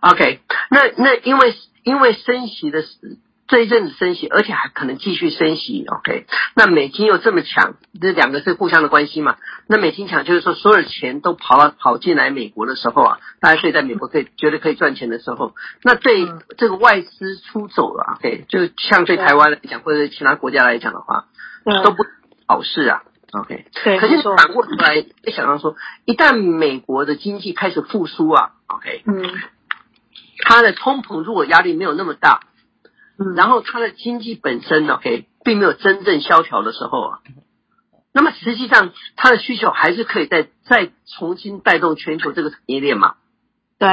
OK，那那因為因為升息的這一陣子升息，而且還可能繼續升息。OK，那美金又這麼強，這兩個是互相的關係嘛？那美金強就是說，所有的錢都跑到、啊、跑進來美國的時候啊，大家可以在美國可以覺得可以賺錢的時候，那對這個外資出走了。OK，就像對台灣來講、嗯、或者其他國家來講的話、嗯，都不好事啊。OK，嗯，可是反過來一想到說，一旦美國的經濟開始復甦啊，OK，嗯。他的通膨如果壓力沒有那麼大，嗯、然後他的經濟本身 OK，並沒有真正蕭條的時候啊，那麼實際上他的需求還是可以再再重新帶動全球這個產業鏈嘛？對，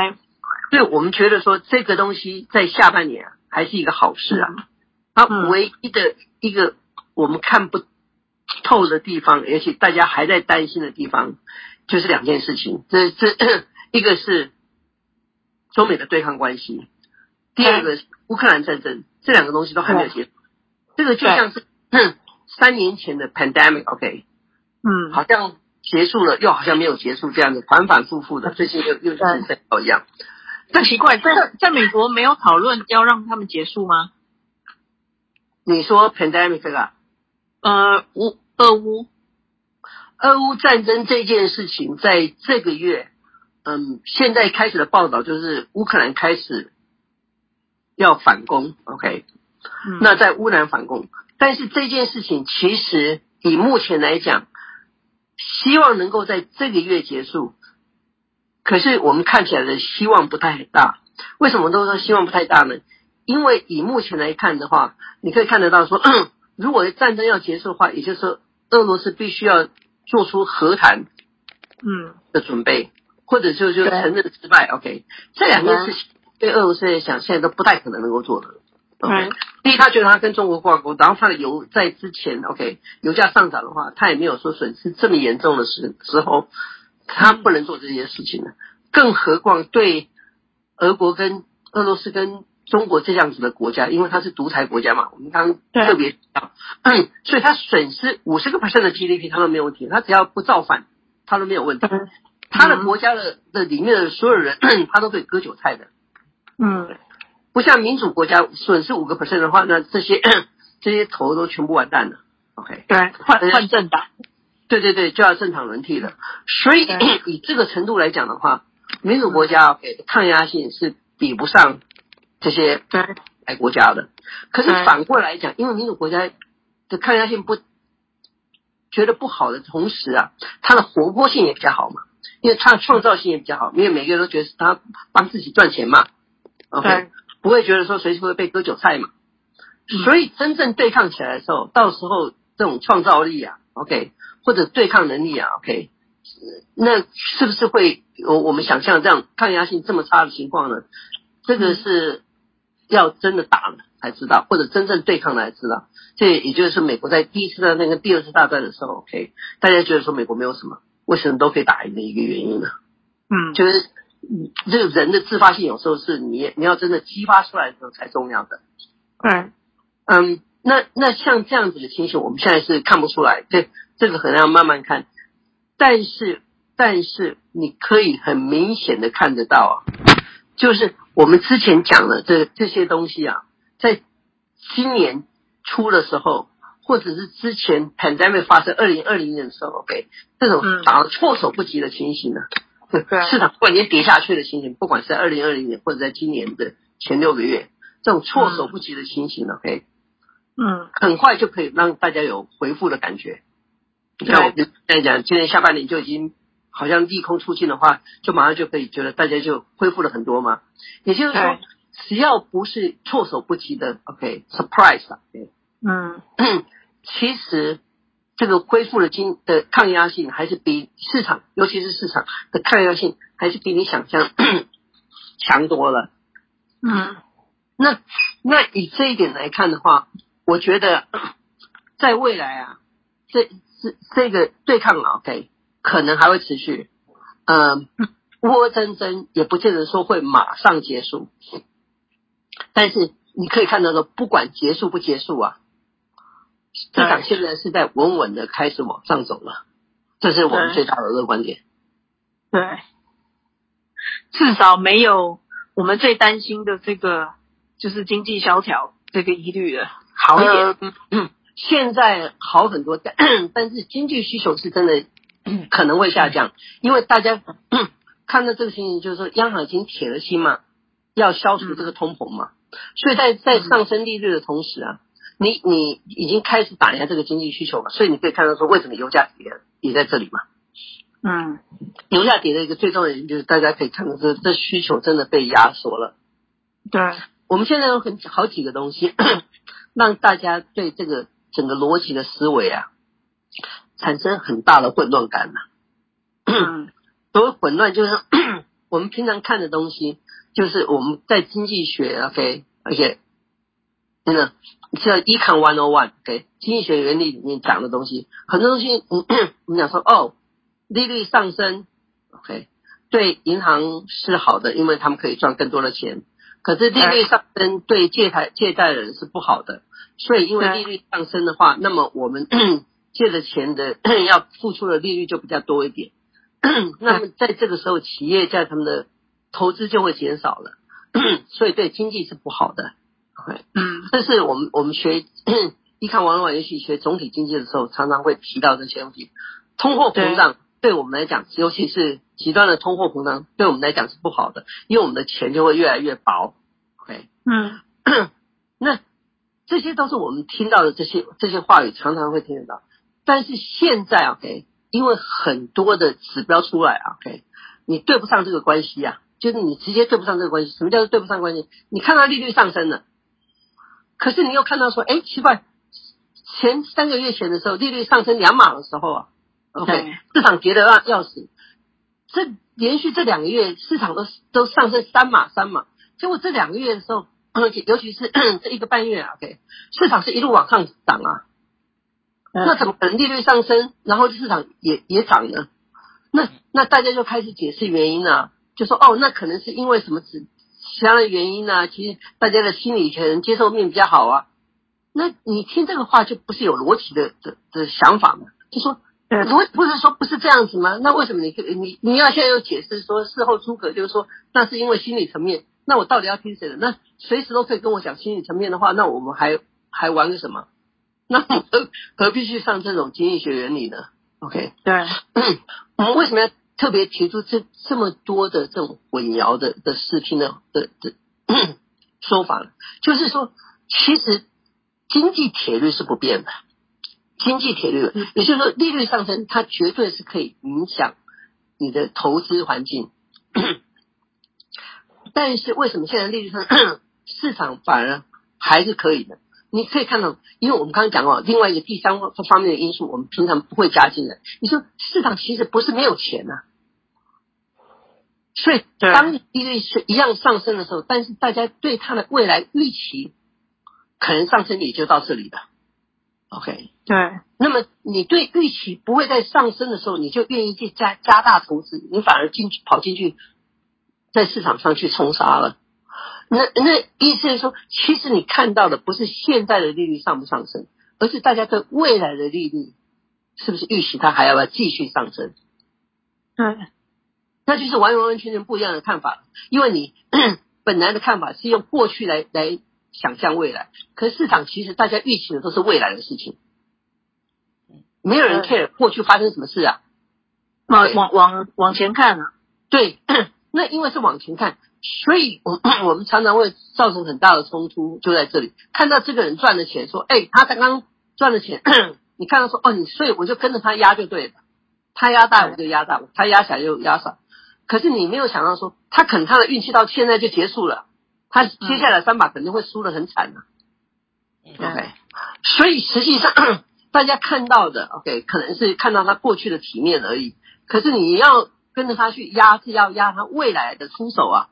所以我們覺得說這個東西在下半年、啊、還是一個好事啊。嗯、它唯一的一個我們看不透的地方，也許大家還在擔心的地方，就是兩件事情。這這一個是。中美的對抗關係，第二個烏克蘭戰爭，這兩個東西都還沒有結束。這個就像是三年前的 pandemic，OK，、okay, 嗯，好像結束了，又好像沒有結束，這樣子反反復復的，最近又又出現一樣。這奇怪，在在美國沒有討論要讓他們結束嗎？你說 pandemic 這個、啊？呃，烏俄烏俄烏戰爭這件事情，在這個月。嗯，現在開始的報道就是烏克蘭開始要反攻，OK，那在烏蘭反攻，但是這件事情其實以目前來講，希望能夠在這個月結束，可是我們看起來的希望不太大。為什麼都說希望不太大呢？因為以目前來看的話，你可以看得到說，如果戰爭要結束的話，也就是說俄羅斯必須要做出和談，嗯，的準備。嗯或者就就承認失敗，OK，這兩件事情對俄羅斯來講現在都不太可能能夠做的。對、嗯，第、OK、一，他覺得他跟中國掛鈎，然後他的油在之前，OK，油價上漲的話，他也沒有說損失這麼嚴重的時時候，他不能做這些事情的。更何況對俄國跟俄羅斯跟中國這樣子的國家，因為他是獨裁國家嘛，我們剛，剛特別講， 所以他損失五十個 percent 的 GDP，他都沒有問題，他只要不造反，他都沒有問題。嗯他的國家的的、嗯、裡面的所有人，他都會割韭菜的。嗯，不像民主國家損失五個 percent 的話，那這些這些頭都全部完蛋了。OK，對，換換政黨，對對對，就要正常輪替了。所以以這個程度來講的話，民主國家給的抗壓性是比不上這些來國家的。可是反過來講，因為民主國家的抗壓性不覺得不好的同時啊，它的活潑性也比較好嘛。因為他創造性也比較好，因為每個人都覺得是他幫自己賺錢嘛、嗯、，OK，不會覺得說隨時會被割韭菜嘛。所以真正對抗起來的時候，到時候這種創造力啊，OK，或者對抗能力啊，OK，那是不是會有我們想象這樣抗壓性這麼差的情況呢？這個是要真的打了才知道，或者真正對抗了才知道。這也就是美國在第一次大戰跟第二次大戰的時候，OK，大家覺得說美國沒有什麼。為什麼都可以打贏的一個原因呢？嗯，就是這個人的自發性有時候是你你要真的激發出來的時候才重要的。對，嗯、um,，那那像這樣子的情形，我們現在是看不出來，這這個可能要慢慢看。但是，但是你可以很明顯的看得到啊，就是我們之前講的這個、這些東西啊，在今年初的時候。或者是之前 pandemic 發生二零二零年的時候，OK，這種打的措手不及的情形呢、啊，是、嗯、的，突然、啊、跌下去的情形，不管是在二零二零年或者在今年的前六個月，這種措手不及的情形，OK，嗯，很快就可以讓大家有恢復的感覺。嗯、像我就跟你看我剛才講，今年下半年就已經好像利空出盡的話，就馬上就可以覺得大家就恢復了很多嘛。也就是說，嗯、只要不是措手不及的，OK，surprise，對，okay, 啊、okay, 嗯。 其實，這個恢復了經的抗壓性，還是比市場，尤其是市場的抗壓性，還是比你想象呵呵強多了。嗯，那那以這一點來看的話，我覺得在未來啊，這這這個對抗啊，OK，可能還會持續。嗯、呃，俄烏戰爭也不見得說會馬上結束，但是你可以看到說，不管結束不結束啊。市場現在是在穩穩的開始往上走了，這是我們最大的樂觀點。對，對，至少沒有我們最擔心的這個就是經濟蕭條這個疑慮了，好一點。嗯嗯嗯，現在好很多，但但是經濟需求是真的可能會下降，因為大家看到這個情形，就是說央行已經鐵了心嘛，要消除這個通膨嘛，嗯，所以在在上升利率的同時啊。你你已經開始打壓這個經濟需求嘛，所以你可以看到說為什麼油價跌也在這裡嘛。嗯，油價跌的一個最重要的原因就是大家可以看到，這這需求真的被壓縮了。對，我們現在有很好幾個東西， 讓大家對這個整個邏輯的思維啊，產生很大的混亂感嘛、啊。所 謂混亂就是 我們平常看的東西，就是我們在經濟學 OK 而且。真的，這 Econ 101給經濟學原理裡面講的東西，很多東西，我們講說，哦，利率上升，OK，對銀行是好的，因為他們可以賺更多的錢。可是利率上升對借貸、yeah. 借貸人是不好的，所以因為利率上升的話，yeah. 那麼我們借的錢的要付出的利率就比較多一點。Yeah. 那麼在這個時候，企業在他們的投資就會減少了，咳咳所以對經濟是不好的。嗯、okay，但是我們我們學一看玩玩遊戲學總體經濟的時候，常常會提到這些問題。通貨膨脹對我們來講，尤其是極端的通貨膨脹，對我們來講是不好的，因為我們的錢就會越來越薄。OK，嗯，那這些都是我們聽到的這些這些話語，常常會聽得到。但是現在啊 OK，因為很多的指標出來啊，OK，你對不上這個關係啊，就是你直接對不上這個關係。什麼叫做對不上關係？你看到利率上升了。可是你又看到說，哎，奇怪，前三個月前的時候，利率上升兩碼的時候啊，OK，市場跌得要要死。這連續這兩個月，市場都都上升三碼三碼。結果這兩個月的時候，尤其是，尤其是這一個半月啊，OK，市場是一路往上漲啊。那怎麼可能利率上升，然後市場也也漲呢？那那大家就開始解釋原因了，啊，就說哦，那可能是因為什麼指？其他的原因呢、啊？其實大家的心理接受面比較好啊。那你聽這個話就不是有邏輯的的的想法嗎？就說不不是說不是這樣子嗎？那為什麼你你你要現在又解釋說事後諸葛就是說那是因為心理層面？那我到底要聽誰的？那隨時都可以跟我講心理層面的話，那我們還還玩個什麼？那何何必去上這種經濟學原理呢？OK，對，嗯、我們為什麼要？特別提出這這麼多的這種混淆的的視聽的的的說法，就是說，其實經濟鐵律是不變的。經濟鐵律，也就是說，利率上升，它絕對是可以影響你的投資環境。咳咳，但是為什麼現在利率上，咳咳市場反而還是可以的？你可以看到，因為我們剛剛講了另外一個第三方方面的因素，我們平常不會加進來。你說市場其實不是沒有錢吶、啊。所以，當利率是一樣上升的時候，但是大家對它的未來預期可能上升也就到這裡了。OK，對。那麼，你對預期不會再上升的時候，你就願意去加加大投資，你反而進去跑進去，在市場上去衝殺了。那那意思是說，其實你看到的不是現在的利率上不上升，而是大家對未來的利率是不是預期它還要不要繼續上升？對。那就是完完完全全不一樣的看法，因為你 本來的看法是用過去來來想象未來，可是市場其實大家預期的都是未來的事情，沒有人 care 過去發生什麼事啊，往往往往前看啊。對， 那因為是往前看，所以我們我們常常會造成很大的衝突，就在這裡看到這個人賺了錢，說，欸，他剛剛賺了錢，你看到說哦，你所以我就跟着他壓就對了，他壓大我就壓大，他壓小就壓小。可是你沒有想到說，他可能他的運氣到現在就結束了，他接下來三把肯定會輸得很慘吶，啊。OK，所以實際上大家看到的 OK 可能是看到他過去的體面而已。可是你要跟着他去壓，是要壓他未來的出手啊。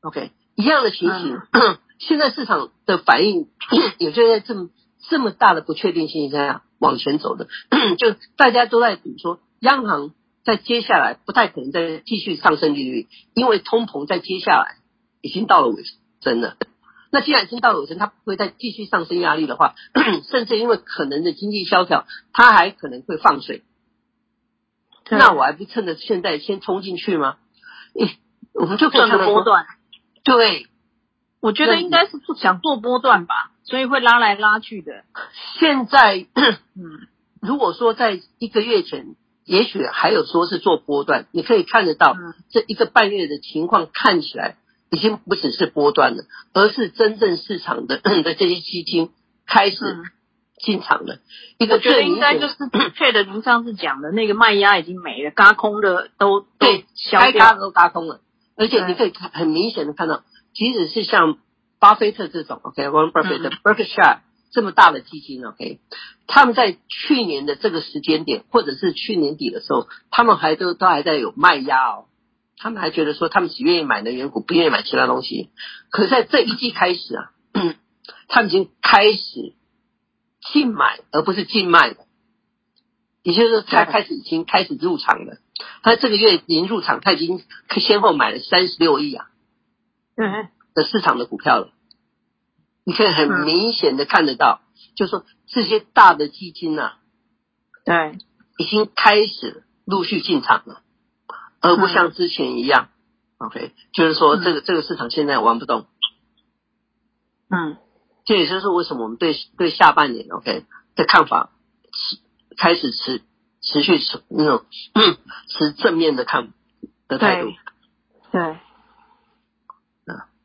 OK，一樣的情形，嗯，現在市場的反應，也就在這麼這麼大的不確定性下往前走的，就大家都在賭說央行，在接下來不太可能再繼續上升利率，因為通膨在接下來已經到了尾聲了。那既然已經到了尾聲，它不會再繼續上升壓力的話， 甚至因為可能的經濟蕭條，它還可能會放水。那我還不趁着現在先衝進去嗎？我們就做波段。對，我覺得應該是不想做波段吧，所以會拉來拉去的。現在，嗯、如果說在一個月前。也許還有說是做波段，你可以看得到、嗯、這一個半月的情況，看起來已經不只是波段了，而是真正市場的的這些基金開始進場了。嗯、一個這應該就是 的確的，您上次講的那個賣壓已經沒了，嘎空的都，對，該嘎的都嘎空了，而且你可以很明顯的看到，即使是像巴菲特這種、嗯、，OK，Warren Buffett 的 Berkshire 這麼大的基金，OK，他們在去年的這個時間點，或者是去年底的時候，他們還都都還在有賣壓哦，他們還覺得說他們只願意買能源股，不願意買其他東西。可是在這一季開始啊，他們已經開始淨買，而不是淨賣。也就是說，他開始已經開始入場了。他這個月已經入場，他已經先後買了三十六億啊，嗯哼，的市場的股票了。你可以很明顯的看得到，嗯、就是、說，這些大的基金吶、啊，對，已經開始陸續進場了、嗯，而不像之前一樣。OK，就是說這個、嗯、這個市場現在玩不動。嗯，這也就是為什麼我們對對下半年 OK 的看法持開始持持續持那種持正面的看的態度。對。對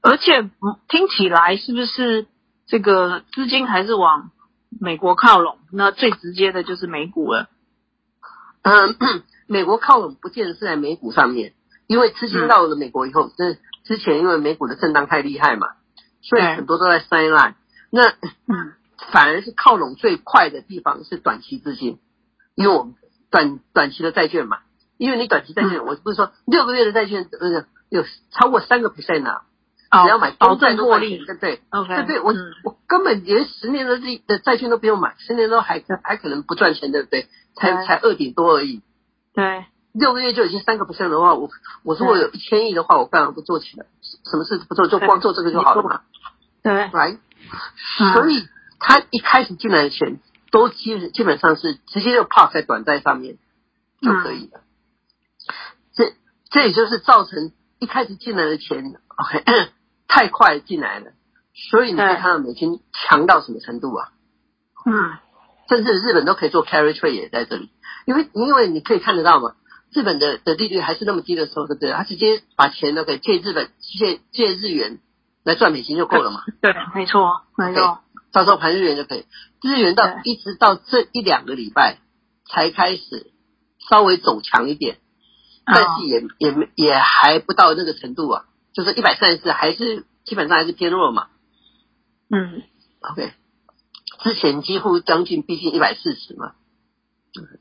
而且聽起來是不是這個資金還是往美國靠攏？那最直接的就是美股了。嗯，美國靠攏不見得是在美股上面，因為資金到了美國以後，之、嗯、之前因為美股的震盪太厲害嘛，所以很多都在 sideline。那反而是靠攏最快的地方是短期資金，因為我們短短期的債券嘛，因為你短期債券，嗯、我不是說六個月的債券，呃，有超過三個 percent 啊。只要買都債獲利。對不對？對對、嗯我，我我根本連十年的債債券都不用買，十年都還還可能不賺錢，對不對？對才才二點多而已，對，六個月就已經三個不 e 的話，我我如果有一千億的話，我幹嘛不做起來？什麼事不做，就光做這個就好了嘛。對 r、right? 嗯、所以他一開始進來的錢都基基本上是直接就 p 在短債上面就可以了。嗯、這這也就是造成一開始進來的錢 OK。嗯太快進來了，所以你就看到美金強到什麼程度啊？嗯，甚至日本都可以做 carry trade 也在這裡，因為因為你可以看得到嘛，日本的的利率還是那麼低的時候，對不對？他直接把錢都可以借日本借借日元來賺美金就夠了嘛。對，沒錯，沒錯。到時候盤日元就可以，日元到一直到這一兩個禮拜才開始稍微走強一點，但是也，嗯、也也還不到那個程度啊。就是一百三十四，還是基本上還是偏弱嘛嗯。嗯，OK，之前幾乎將近逼近一百四十嘛、嗯。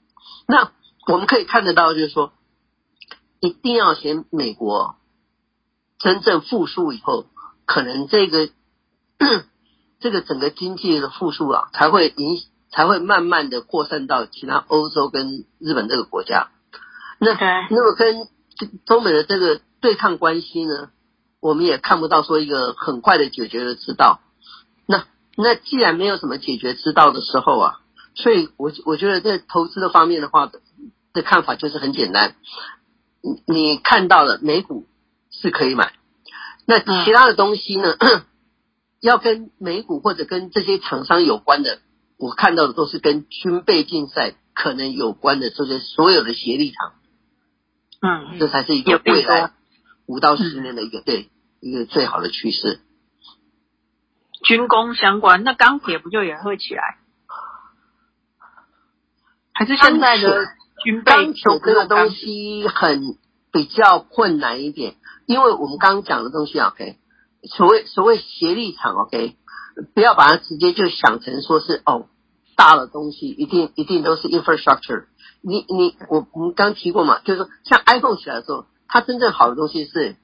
那我們可以看得到，就是說，一定要先美國真正復甦以後，可能這個這個整個經濟的復甦啊，才會影才會慢慢的擴散到其他歐洲跟日本這個國家。那那麼、個、跟中美的這個對抗關係呢？我們也看不到說一個很快的解決的之道。那，那既然沒有什麼解決之道的時候啊，所以我我覺得在投資的方面的話的看法就是很簡單，你，你看到了美股是可以買，那其他的東西呢、嗯， 要跟美股或者跟這些廠商有關的，我看到的都是跟軍備競賽可能有關的這些、就是、所有的協力廠，嗯，這才是一個未來五到十年的一個、嗯、對。對對一個最好的趨勢，軍工相關，那鋼鐵不就也會起來？還是現在的鋼鐵？這個東西很比較困難一點，嗯、因為我們剛剛講的東西，OK，所謂所謂協力廠，OK，不要把它直接就想成說是哦大的東西，一定一定都是 infrastructure。你你我我們剛提過嘛，就是說像 iPhone 起來的時候，它真正好的東西是。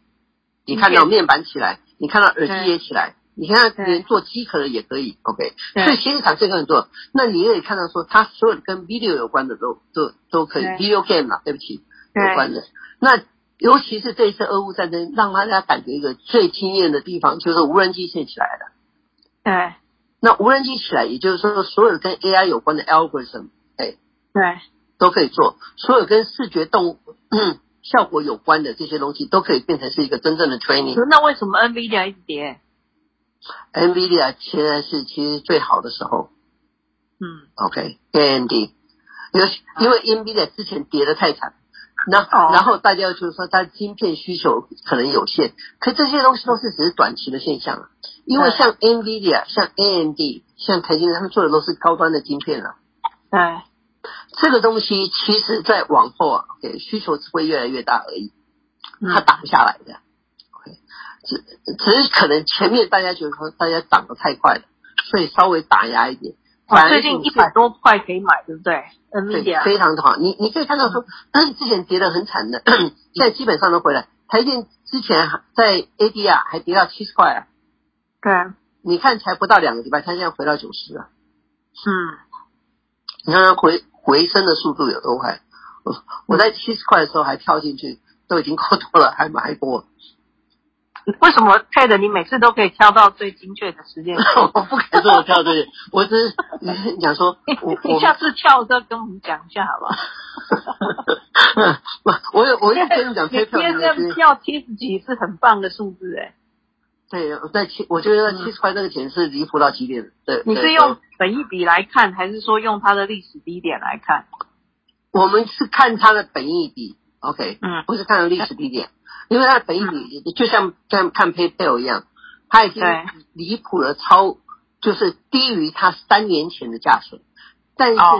你看到面板起來，okay. 你看到耳機也起來，right. 你看到連做機殼的也可以。OK，、right. 所以其實產線可以做。那你也可以看到說，它所有跟 video 有關的都都都可以、right.，video game 嘛，對不起，有關的。Right. 那尤其是這一次俄烏戰爭，讓大家感覺一個最驚豔的地方就是無人機建起來的。對、right.，那無人機起來，也就是說所有跟 AI 有關的 algorithm，哎，對，right. 都可以做，所有跟視覺動物。 效果有關的這些東西都可以變成是一個真正的 training。那為什麼 NVIDIA 一直跌？NVIDIA 其實是其實最好的時候。嗯。OK，AMD，、okay, 啊、因為 NVIDIA 之前跌得太慘、哦，然後大家就是說它晶片需求可能有限，可這些東西都是只是短期的現象。因為像 NVIDIA、像 AMD、像台積電，他們做的都是高端的晶片了、啊。哎。這個東西其實，在往後啊，給需求只會越來越大而已，它打不下來的，嗯、只是只是可能前面大家覺得說大家漲得太快了，所以稍微打壓一點。反正，哦、最近一百多塊可以買，對不對？對、嗯，非常的好。你你可以看到說，但是之前跌得很慘的，現在基本上都回來。台電之前在 ADR 還跌到七十塊啊，對，你看才不到兩個禮拜，它現在回到九十啊。嗯，你看回。回升的速度有多快？我我在七十塊的時候還跳進去，都已經過多了，還買一波。為什麼配的你每次都可以跳到最精確的時間？我不可以說我跳出去， 我是你是想說。 你下次跳的時候跟我們講一下好不好？ 我我我也可以講，今天要七十幾是很棒的數字哎、欸。對，在七，我覺得70塊這個錢是離譜到極點的、嗯。你是用本益比來看，還是說用它的歷史低點來看？我們是看它的本益比 o、okay, k 嗯，不是看歷史低點、嗯，因為它的本益比、嗯、就像、嗯、像看 PayPal 一樣，它已經離譜了，超就是低於它三年前的價錢，但是它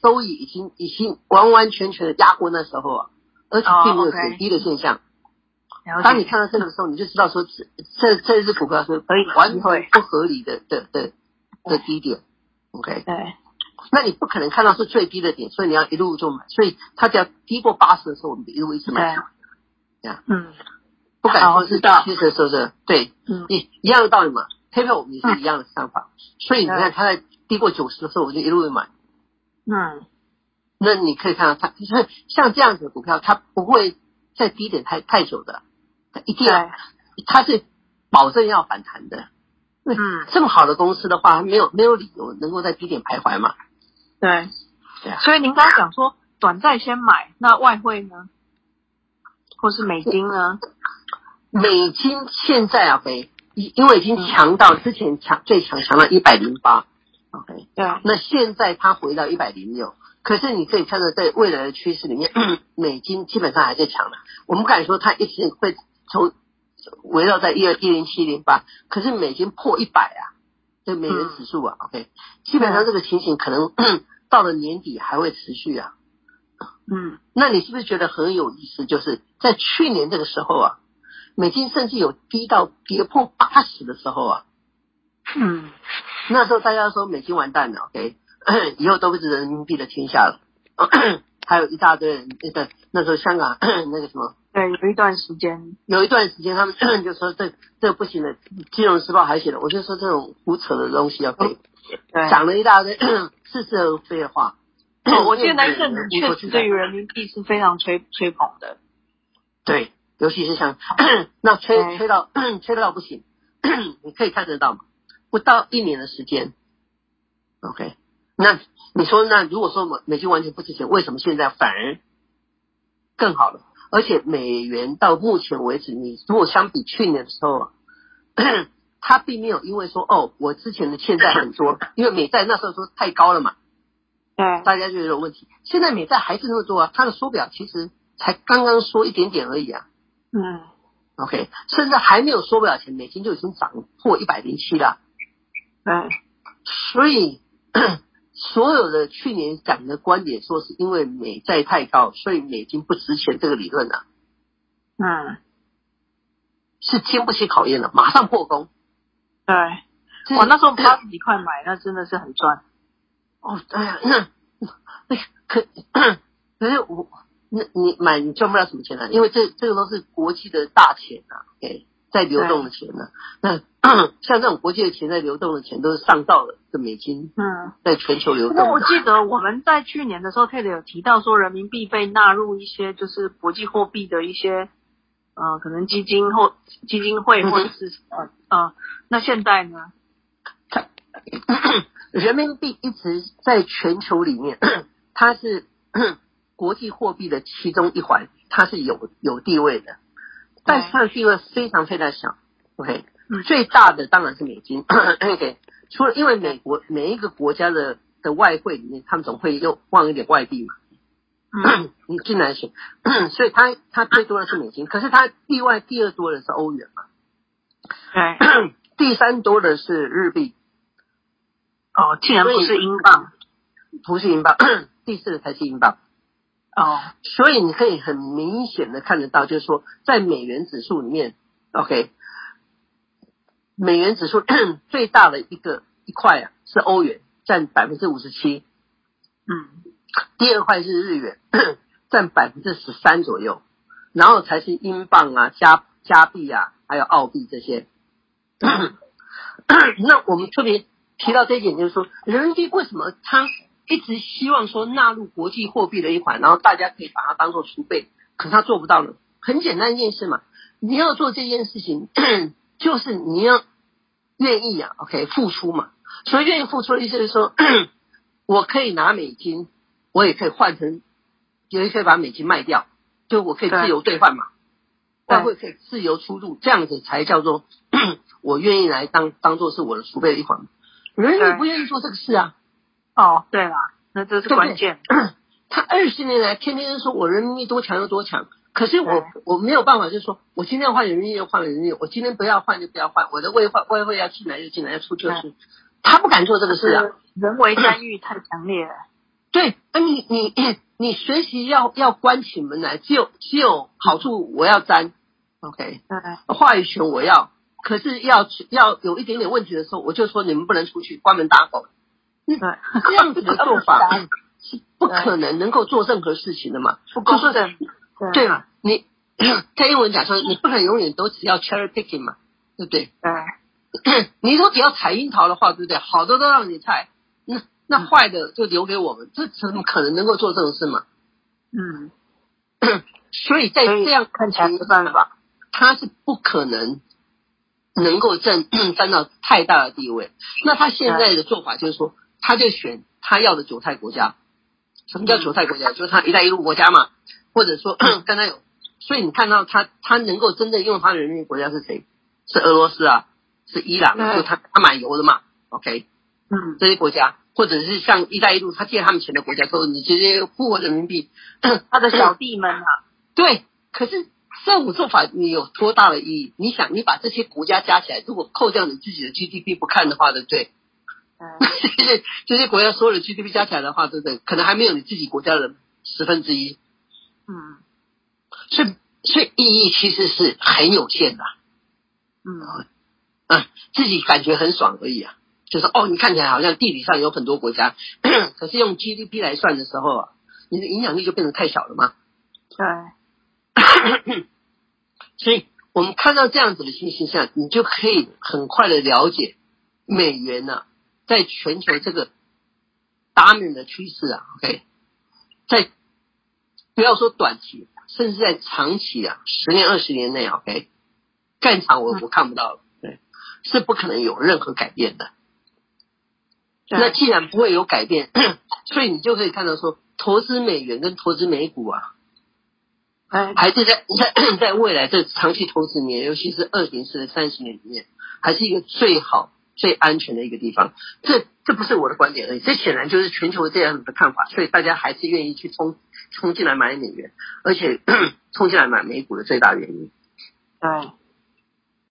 收益已經、哦、okay, 已經完完全全的壓過那時候啊，而且並沒有很低的現象。哦 okay 當你看到這個的時候，你就知道說這、嗯、這這隻股票是完全不合理的，的對的對的低點，OK，對，那你不可能看到是最低的點，所以你要一路就買，所以它只要低過八十的時候，我們一路一直買，這樣、啊，嗯，不敢說是，是，其實是不是對，一、嗯、一樣的道理嘛，配票我們也是一樣的想法、嗯，所以你看它在低過九十的時候，我們就一路會買，嗯，那你可以看到它，就是像這樣子的股票，它不會在低點太太久的。一定要對，它是保證要反彈的。嗯，這麼好的公司的話，沒有沒有理由能夠在低點徘徊嘛。對。對啊。所以您剛才講說，短債先買，那外匯呢？或是美金呢？美金現在啊，北、嗯，因為已經強到之前強、嗯、最強強到一百零八。OK。對啊。那現在它回到一百零六，可是你可以看到，在未來的趨勢裡面， 美金基本上還在強的、啊。我們敢說，它一直會。從圍繞在一二一零七零八，可是美金破一百啊，對美元指數啊、嗯、OK，基本上這個情形，可能 到了年底還會持續啊。嗯，那你是不是覺得很有意思？就是在去年這個時候啊，美金甚至有低到跌破八十的時候啊，嗯，那時候大家說美金完蛋了，OK， 以後都不是人民幣的天下了， 還有一大堆人那個那時候香港 那個什麼。對，有一段時間，有一段時間，他們就說這這不行的，《金融時報》還寫了，我就說這種胡扯的東西要給，講、哦、了一大堆似是而非的話。嗯、我現在甚至確實對於人民幣是非常吹吹捧的。對，尤其是像那吹、嗯、吹到吹到不行，你可以看得到嘛？不到一年的時間，OK，那你說那如果說美美金完全不值錢，為什麼現在反而更好了？而且美元到目前為止，你如果相比去年的時候啊，它並沒有因為說哦，我之前的欠債很多，因為美債那時候說太高了嘛，對，大家就有點問題。現在美債還是那麼多啊，它的縮表其實才剛剛縮一點點而已啊，嗯，OK，甚至還沒有縮表前，美金就已經漲破一百零七了，嗯，所以。所有的去年講的觀點，說是因為美債太高，所以美金不值錢，這個理論呢，嗯，是經不起考驗的，馬上破功。對，我那時候八十幾塊買，那真的是很賺。哦，對啊，那可可是我，那你買你賺不了什麼錢啊，因為這這個都是國際的大錢吶，對，在流動的錢啊。那。嗯，像這種國際的錢在流動的錢都是上到了這美金，嗯，在全球流動，嗯。那我記得我們在去年的時候，Ted 有提到說人民幣被納入一些就是國際貨幣的一些，呃，可能基金或基金會或者是啊，嗯呃，那現在呢，人民幣一直在全球裡面，它是國際貨幣的其中一環，它是有有地位的，但是它的地位非常非常小，OK。最大的當然是美金、嗯、 除了因為美國每一個國家的的外匯裡面，他們總會又換一點外幣嘛，嗯、 你進來選， 所以他他最多的，是美金。可是他另外第二多的是歐元嘛，對、嗯， 第三多的是日幣，哦，竟然不是英鎊，不是英鎊， 第四個才是英鎊。哦，所以你可以很明顯的看得到，就是說在美元指數裡面，OK。美元指數最大的一個一塊啊是歐元，佔百分之五十七，嗯，第二塊是日元，佔百分之十三左右，然後才是英鎊啊、加加幣啊、還有澳幣這些。那我們特別提到這一點，就是說人民幣為什麼他一直希望說納入國際貨幣的一款，然後大家可以把它當做儲備，可是他做不到呢？很簡單一件事嘛，你要做這件事情。就是你要願意啊，OK，付出嘛。所以願意付出的意思就是說，我可以拿美金，我也可以換成，也可以把美金賣掉，就我可以自由兌換嘛，外匯可以自由出入，這樣子才叫做我願意來當當做是我的儲備的一環。人民不願意做這個事啊。哦，對啦，那這是關鍵。他二十年來，天天說我人民幣多強有多強。可是我我沒有辦法說，就是說我今天要換人，又換人，又我今天不要換就不要換，我的外匯外匯要進來就進來，要出去就出，他不敢做這個事啊。人為干預太強烈了。對，你你你,你學習要要關起門來，只有只有好處我要沾，OK，話語權我要。可是要要有一點點問題的時候，我就說你們不能出去，關門打狗。嗯，這樣子的做法 是不可能能夠做任何事情的嘛，不就是的。對嘛、啊？你在英文講說，你不能永遠都只要 cherry picking 嘛，對不對？對。 你說只要採櫻桃的話，對不對？好多都讓你採，那那壞的就留給我們，嗯、這怎麼可能能夠做這種事嘛？嗯， 所以在這樣看起來，就算了吧，他是不可能能夠佔佔 到太大的地位。那他現在的做法就是說，他就選他要的韭菜國家。什麼叫韭菜國家？就是他一帶一路國家嘛。或者說，剛才有，所以你看到他，他能夠真正用他的人民的國家是誰？是俄羅斯啊，是伊朗，就他他買油的嘛。OK，嗯，這些國家，或者是像“一帶一路”，他借他們錢的國家，都你直接付我人民幣咳咳咳，他的小弟們啊。對，可是這種做法你有多大的意義？你想，你把這些國家加起來，如果扣掉你自己的 GDP 不看的話，對不對？嗯、 這些國家所有的 GDP 加起來的話，對不對？可能還沒有你自己國家的十分之一。嗯，所以所以意義其實是很有限的，嗯嗯，自己感覺很爽而已啊，就是哦，你看起來好像地理上有很多國家，可是用 GDP 來算的時候啊，你的影響力就變得太小了嗎？對咳咳咳，所以我們看到這樣子的信息上，你就可以很快的了解美元呢、啊、在全球這個 dominant 的趨勢啊，OK，在。不要說短期，甚至在長期啊，十年、二十年內啊，OK，更長我我看不到了、嗯，對，是不可能有任何改變的。那既然不會有改變， 所以你就可以看到說，投資美元跟投資美股啊，哎，還是在在在未來這長期投資裡面，尤其是二零四的三十年裡面，還是一個最好、最安全的一個地方。這這不是我的觀點而已，這顯然就是全球這樣子的看法，所以大家還是願意去衝。衝進來買美元，而且衝進來買美股的最大原因，對。嗯。